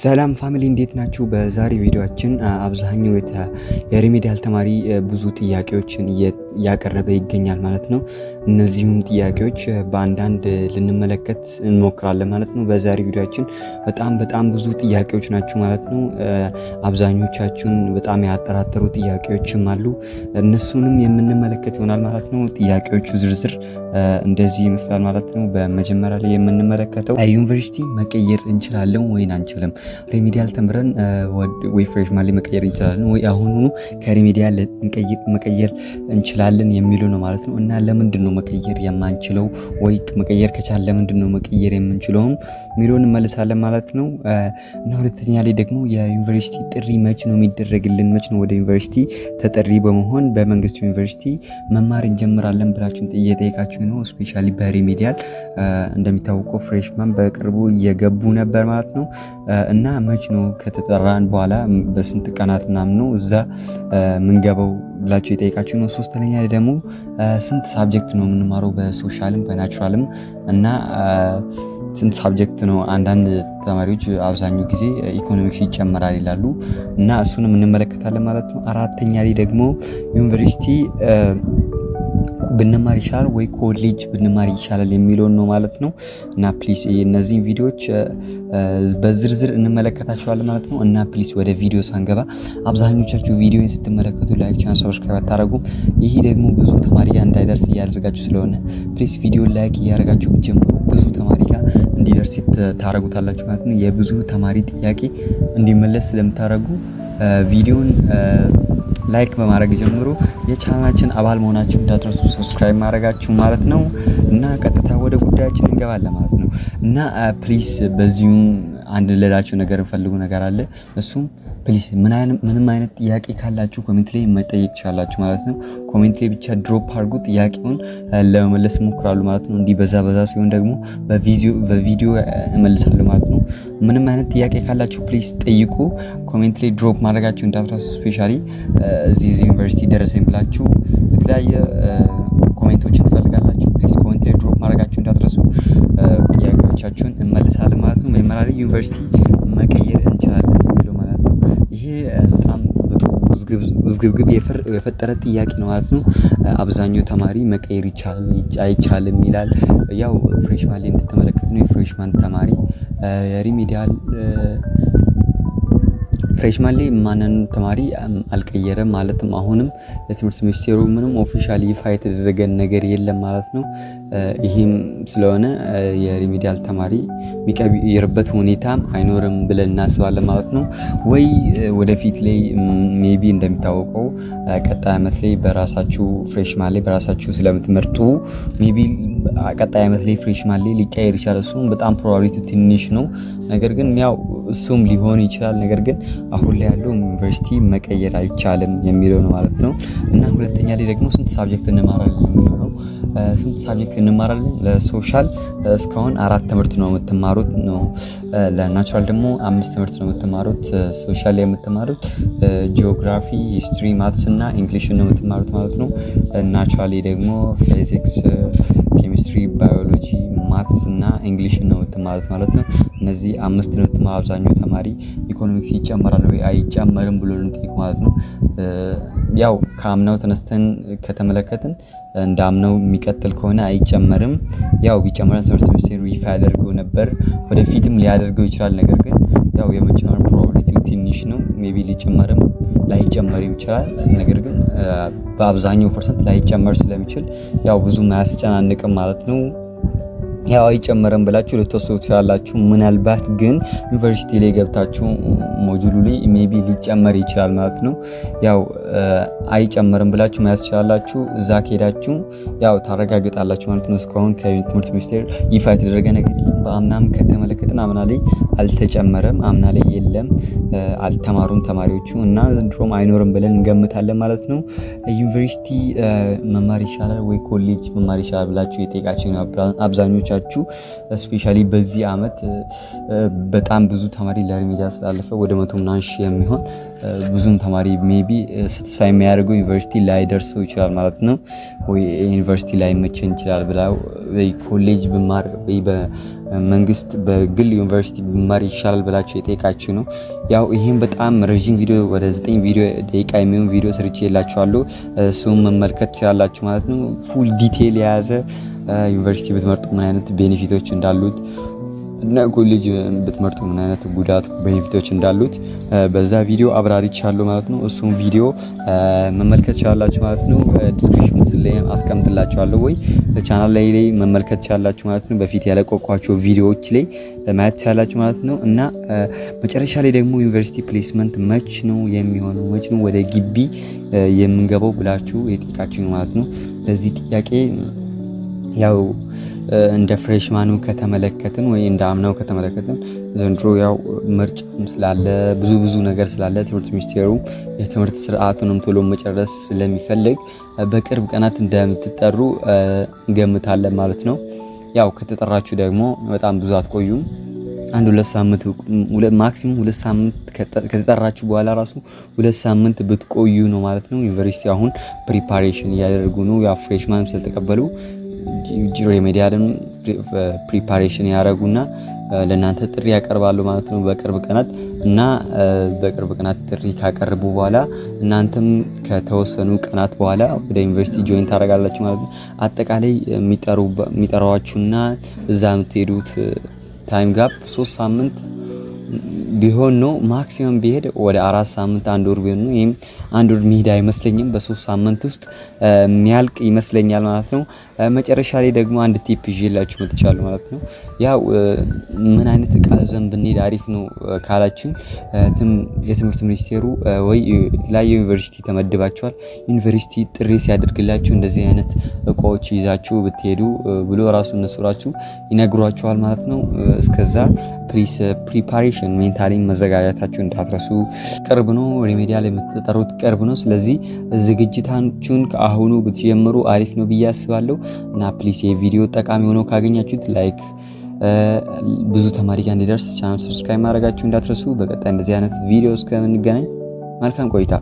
ሰላም ፋሚሊ እንዴት ናችሁ? በዛሬ ቪዲዮችን አብዛኛው የሪሜዲያል ተማሪ ብዙ ጥያቄዎችን እያቀረበ ይገኛል ማለት ነው። እነዚሁም ጥያቄዎች በአንዳንድ ልንመለከት እንሞክራለን ማለት ነው። በዛሬ ቪዲዮችን በጣም በጣም ብዙ ጥያቄዎች ናቸው ማለት ነው። አብዛኞቻችሁን በጣም ያጠራጠሩ ጥያቄዎችም አሉ። እነሱንም የምንመለከት ይሆናል ማለት ነው። ጥያቄዎቹ ዝርዝር እንደዚህ ይመስላል ማለት ነው። በመጀመሪያ ላይ የምንመለከተው ዩኒቨርሲቲ መቀየር እንችላለን ወይን አንችልም? ሪሚዲያል ተምረን ወይ ፍሬሽማን ላይ መቀየር እንችላለን ወይ አሁኑኑ ከሪሚዲያል መቀየር እንችላለን የሚሉ ነው ማለት ነው እና ለምንድን ነው መቀየር የማንችለው ወይ መቀየር ከቻለ ለምንድን ነው መቀየር የምንችለውም ሚሊዮን እንመልሳለን ማለት ነው እና ሁለተኛ ላይ ደግሞ የዩኒቨርሲቲ ጥሪ መች ነው የሚደረግልን? መች ነው ወደ ዩኒቨርሲቲ ተጠሪ በመሆን በመንግስት ዩኒቨርሲቲ መማር እንጀምራለን ብላችሁን እየጠየቃችሁ ነው። ስፔሻሊ በሪሜዲያል እንደሚታወቀው ፍሬሽማን በቅርቡ እየገቡ ነበር ማለት ነው እና መች ነው ከተጠራን በኋላ በስንት ቀናት ምናምን ነው እዛ ምንገባው ብላችሁ የጠይቃችሁ ነው። ሶስተኛ ደግሞ ስንት ሳብጀክት ነው የምንማረው በሶሻልም በናቹራልም እና ስንት ሳብጀክት ነው? አንዳንድ ተማሪዎች አብዛኛው ጊዜ ኢኮኖሚክስ ይጨመራል ይላሉ እና እሱንም እንመለከታለን ማለት ነው። አራተኛ ላይ ደግሞ ዩኒቨርሲቲ ብንማር ይሻላል ወይ ኮሌጅ ብንማር ይሻላል የሚለውን ነው ማለት ነው። እና ፕሊስ እነዚህን ቪዲዮዎች በዝርዝር እንመለከታቸዋለን ማለት ነው። እና ፕሊስ ወደ ቪዲዮ ሳንገባ አብዛኞቻችሁ ቪዲዮ ስትመለከቱ ላይክ፣ ቻን ሰብስክራይብ አታደረጉ። ይህ ደግሞ ብዙ ተማሪ ጋር እንዳይደርስ እያደርጋችሁ ስለሆነ ፕሊስ ቪዲዮ ላይክ እያደረጋችሁ ጀምሩ። ብዙ ተማሪ ጋር እንዲደርስ ታደረጉታላችሁ ማለት ነው። የብዙ ተማሪ ጥያቄ እንዲመለስ ስለምታደርጉ ቪዲዮን ላይክ በማድረግ ጀምሩ። የቻናላችን አባል መሆናችሁ እንዳትረሱ፣ ሰብስክራይብ ማድረጋችሁ ማለት ነው። እና ቀጥታ ወደ ጉዳያችን እንገባለን ማለት ነው። እና ፕሊስ በዚሁም አንድ ልላችሁ ነገር እንፈልጉ ነገር አለ። እሱም ፕሊስ ምንም አይነት ጥያቄ ካላችሁ ኮሜንት ላይ መጠየቅ ትችላላችሁ ማለት ነው። ኮሜንት ላይ ብቻ ድሮፕ አድርጉ፣ ጥያቄውን ለመመለስ ሞክራሉ ማለት ነው። እንዲህ በዛ በዛ ሲሆን ደግሞ በቪዲዮ እመልሳለሁ ማለት ነው። ምንም አይነት ጥያቄ ካላችሁ ፕሊስ ጠይቁ። ኮሜንት ላይ ድሮፕ ማድረጋችሁ እንዳትረሱ። ስፔሻሊ እዚህ ዩኒቨርሲቲ ደረሰኝ ብላችሁ የተለያየ ኮሜንቶችን ትፈልጋላችሁ። ፕሊስ ኮሜንት ላይ ድሮፕ ማድረጋችሁ እንዳትረሱ። ጥያቄዎቻችሁን እመልሳለን ማለት ነው። መመራሪ ዩኒቨርሲቲ መቀየር እንችላለን የሚለው ማለት ነው። ይሄ በጣም ውዝግብግብ የፈጠረ ጥያቄ ነው ማለት ነው። አብዛኛው ተማሪ መቀየር አይቻልም ይላል። ያው ፍሬሽማን ላይ እንደተመለከት ነው የፍሬሽማን ተማሪ የሪሚዲያል ፍሬሽማን ላይ ማንን ተማሪ አልቀየረም ማለትም አሁንም የትምህርት ሚኒስቴሩ ምንም ኦፊሻል ይፋ የተደረገን ነገር የለም ማለት ነው። ይህም ስለሆነ የሪሚዲያል ተማሪ የሚቀይርበት ሁኔታም አይኖርም ብለን እናስባለን ማለት ነው። ወይ ወደፊት ላይ ሜቢ እንደሚታወቀው ቀጣይ ዓመት ላይ በራሳችሁ ፍሬሽ ላይ በራሳችሁ ስለምትመርጡ ሜቢ ቀጣይ ዓመት ላይ ፍሬሽ ላይ ሊቀየር ይችላል። እሱም በጣም ፕሮባቢሊቲ ትንሽ ነው። ነገር ግን ያው እሱም ሊሆን ይችላል። ነገር ግን አሁን ላይ ያለው ዩኒቨርሲቲ መቀየር አይቻልም የሚለው ነው ማለት ነው። እና ሁለተኛ ላይ ደግሞ ስንት ሳብጀክት እንማራለን የሚለው ነው። ስንት ሳብጀክት እንማራለን? ለሶሻል እስካሁን አራት ትምህርት ነው የምትማሩት ነው። ለናቹራል ደግሞ አምስት ትምህርት ነው የምትማሩት። ሶሻል የምትማሩት ጂኦግራፊ፣ ሂስትሪ፣ ማትስ እና እንግሊሽን ነው የምትማሩት ማለት ነው። ናቹራሊ ደግሞ ፊዚክስ፣ ኬሚስትሪ ሳይንስ እና እንግሊሽን ነው የምትማሩት ማለት ነው። እነዚህ አምስት ነው የምትማሩ አብዛኛው ተማሪ ኢኮኖሚክስ ይጨመራል ወይ አይጨመርም ብሎ ልንጠይቅ ማለት ነው። ያው ከአምናው ተነስተን ከተመለከትን እንደ አምናው የሚቀጥል ከሆነ አይጨመርም። ያው ቢጨመረን ትምህርት ሚኒስቴሩ ይፋ ያደርገው ነበር፣ ወደፊትም ሊያደርገው ይችላል። ነገር ግን ያው የመጨመር ፕሮባብሊቲው ትንሽ ነው። ሜቢ ሊጨመርም ላይጨመርም ይችላል። ነገር ግን በአብዛኛው ፐርሰንት ላይጨመር ስለሚችል ያው ብዙ አያስጨናንቅም ማለት ነው። ያው አይጨመረም ብላችሁ ልትወስዱ ትችላላችሁ። ምናልባት ግን ዩኒቨርሲቲ ላይ ገብታችሁ ሞጁሉ ላይ ሜቢ ሊጨመር ይችላል ማለት ነው። ያው አይጨመርም ብላችሁ መያዝ ትችላላችሁ። እዛ ከሄዳችሁ ያው ታረጋግጣላችሁ ማለት ነው። እስካሁን ከትምህርት ሚኒስቴር ይፋ የተደረገ ነገር በአምናም ከተመለከትን አምና ላይ አልተጨመረም፣ አምና ላይ የለም፣ አልተማሩም ተማሪዎቹ እና ዘንድሮም አይኖርም ብለን እንገምታለን ማለት ነው። ዩኒቨርሲቲ መማር ይሻላል ወይ ኮሌጅ መማር ይሻላል ብላችሁ የጠየቃችሁ አብዛኞቹ ከተመቻችሁ ስፔሻሊ በዚህ አመት በጣም ብዙ ተማሪ ለሪሚዲያ ስላለፈ ወደ መቶ ምናምን ሺህ የሚሆን ብዙም ተማሪ ቢ ሳትስፋይ የሚያደርገው ዩኒቨርሲቲ ላይ ደርሰው ይችላል ማለት ነው ወይ ዩኒቨርሲቲ ላይ መቸን ይችላል ብላ ወይ ኮሌጅ ብማር ወይ በመንግስት በግል ዩኒቨርሲቲ ብማር ይሻላል ብላቸው የጠየቃችሁ ነው። ያው ይህም በጣም ረዥም ቪዲዮ ወደ ዘጠኝ ቪዲዮ ደቂቃ የሚሆን ቪዲዮ ስርቼ የላችኋለሁ። እሱም መመልከት ትችላላችሁ ማለት ነው። ፉል ዲቴይል የያዘ ዩኒቨርሲቲ ብትመርጡ ምን አይነት ቤኔፊቶች እንዳሉት እና ኮሌጅ ብትመርጡ ምን አይነት ጉዳት ቤኔፊቶች እንዳሉት በዛ ቪዲዮ አብራሪቻለሁ ማለት ነው። እሱም ቪዲዮ መመልከት ቻላችሁ ማለት ነው። ዲስክሪፕሽን ምስል ላይ አስቀምጥላችኋለሁ ወይ ቻናል ላይ ላይ መመልከት ቻላችሁ ማለት ነው። በፊት ያለቀኳቸው ቪዲዮዎች ላይ ማየት ቻላችሁ ማለት ነው። እና መጨረሻ ላይ ደግሞ ዩኒቨርሲቲ ፕሌስመንት መች ነው የሚሆነው፣ መች ነው ወደ ግቢ የምንገባው ብላችሁ የጠየቃችሁ ማለት ነው። ለዚህ ጥያቄ ያው እንደ ፍሬሽማኑ ከተመለከትን ወይ እንደ አምናው ከተመለከትን ዘንድሮ ያው ምርጫም ስላለ ብዙ ብዙ ነገር ስላለ ትምህርት ሚኒስቴሩ የትምህርት ስርዓቱንም ቶሎ መጨረስ ስለሚፈልግ በቅርብ ቀናት እንደምትጠሩ እንገምታለን ማለት ነው። ያው ከተጠራችሁ ደግሞ በጣም ብዙ አትቆዩም። አንድ ሁለት ሳምንት ማክሲሙም ሁለት ሳምንት ከተጠራችሁ በኋላ ራሱ ሁለት ሳምንት ብትቆዩ ነው ማለት ነው። ዩኒቨርሲቲ አሁን ፕሪፓሬሽን እያደረጉ ነው። ያው ፍሬሽማንም ስለተቀበሉ ሪሜዲያልን ፕሪፓሬሽን ያደረጉና ለእናንተ ጥሪ ያቀርባሉ ማለት ነው በቅርብ ቀናት እና በቅርብ ቀናት ጥሪ ካቀርቡ በኋላ እናንተም ከተወሰኑ ቀናት በኋላ ወደ ዩኒቨርሲቲ ጆይን ታደርጋላችሁ ማለት ነው። አጠቃላይ የሚጠሯችሁና እዛ የምትሄዱት ታይም ጋፕ ሶስት ሳምንት ቢሆን ነው ማክሲመም ቢሄድ ወደ አራት ሳምንት አንድ ወር ቢሆን ነው። ይህም አንድ ወር ሚሄድ አይመስለኝም። በሶስት ሳምንት ውስጥ የሚያልቅ ይመስለኛል ማለት ነው። መጨረሻ ላይ ደግሞ አንድ ቲፕ ይዤላችሁ መጥቻለሁ ማለት ነው። ያው ምን አይነት እቃ ዘንድ ብንሄድ አሪፍ ነው ካላችን የትምህርት ሚኒስቴሩ ወይ የተለያዩ ዩኒቨርሲቲ ተመድባቸዋል። ዩኒቨርሲቲ ጥሪ ሲያደርግላችሁ እንደዚህ አይነት እቃዎች ይዛችሁ ብትሄዱ ብሎ ራሱ እነሱ ራችሁ ይነግሯቸዋል ማለት ነው። እስከዛ ፕሪፓሬሽን ሜንታ ታሊን መዘጋጀታችሁ እንዳትረሱ። ቅርብ ነው፣ ሪሜዲያል የምትጠሩት ቅርብ ነው። ስለዚህ ዝግጅታችሁን ከአሁኑ ብትጀምሩ አሪፍ ነው ብዬ አስባለሁ እና ፕሊስ የቪዲዮ ጠቃሚ ሆኖ ካገኛችሁት ላይክ ብዙ ተማሪ ጋር እንዲደርስ ቻናል ሰብስክራይብ ማድረጋችሁ እንዳትረሱ። በቀጣይ እንደዚህ አይነት ቪዲዮ እስከምንገናኝ መልካም ቆይታ